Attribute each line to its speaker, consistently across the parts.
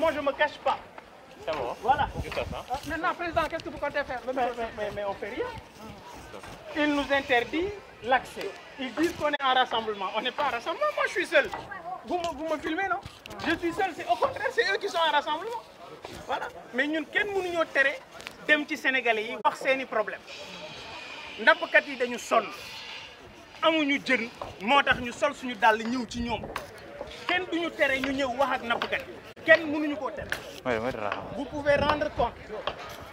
Speaker 1: moi, je ne me cache pas. C'est bon.
Speaker 2: Euh,
Speaker 1: président, qu'est-ce que vous comptez faire mais, mais, mais, on ne fait rien. nous interdisent l'accès. Ils disent qu'on en rassemblement. On n'est pas en rassemblement, moi je suis seul. Vous me, vous me filmez, non Je suis seul, au contraire, c'est eux qui sont en rassemblement. Voilà. Mais nous, quel monde nous terre dem ci sénégalais yi wax seeni problème nappkat yi dañu sonn amuñu jën moo tax ñu sol suñu dàll ñëw ci ñoom kenn duñu tere ñu ñëw wax ak nappkat kenn mënuñu koo tere vous pouvez rendre compte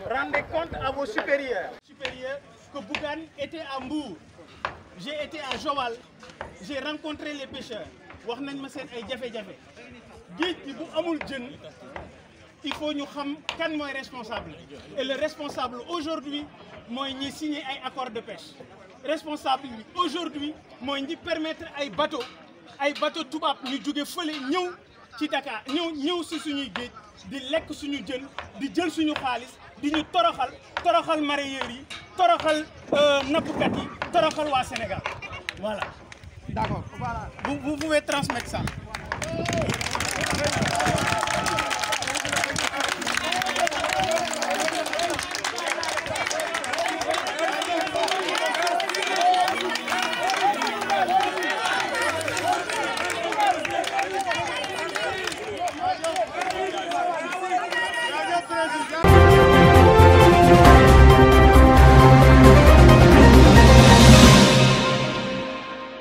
Speaker 1: rendez compte à vos supérieurs supérieurs que Bougane était à Mbour j'ai été à Joal j'ai rencontré les pêcheurs wax nañ ma seen ay jafe-jafe géej gi bu amul jën il faut ñu xam kan mooy responsable et le responsable aujourd'hui mooy ñi signer ay accord de pêche responsable bi aujourd'hui mooy ñi permettre ay bateau ay bateau tubaab ñu jóge fële ñëw ci Dakar ñëw ñëw si suñuy géej di lekk suñu jën di jël suñu xaalis di ñu toroxal toroxal mareyeurs yi toroxal euh, nappkat yi toroxal waa Sénégal voilà. d'accord voilà vous vous pouvez transmettre ça.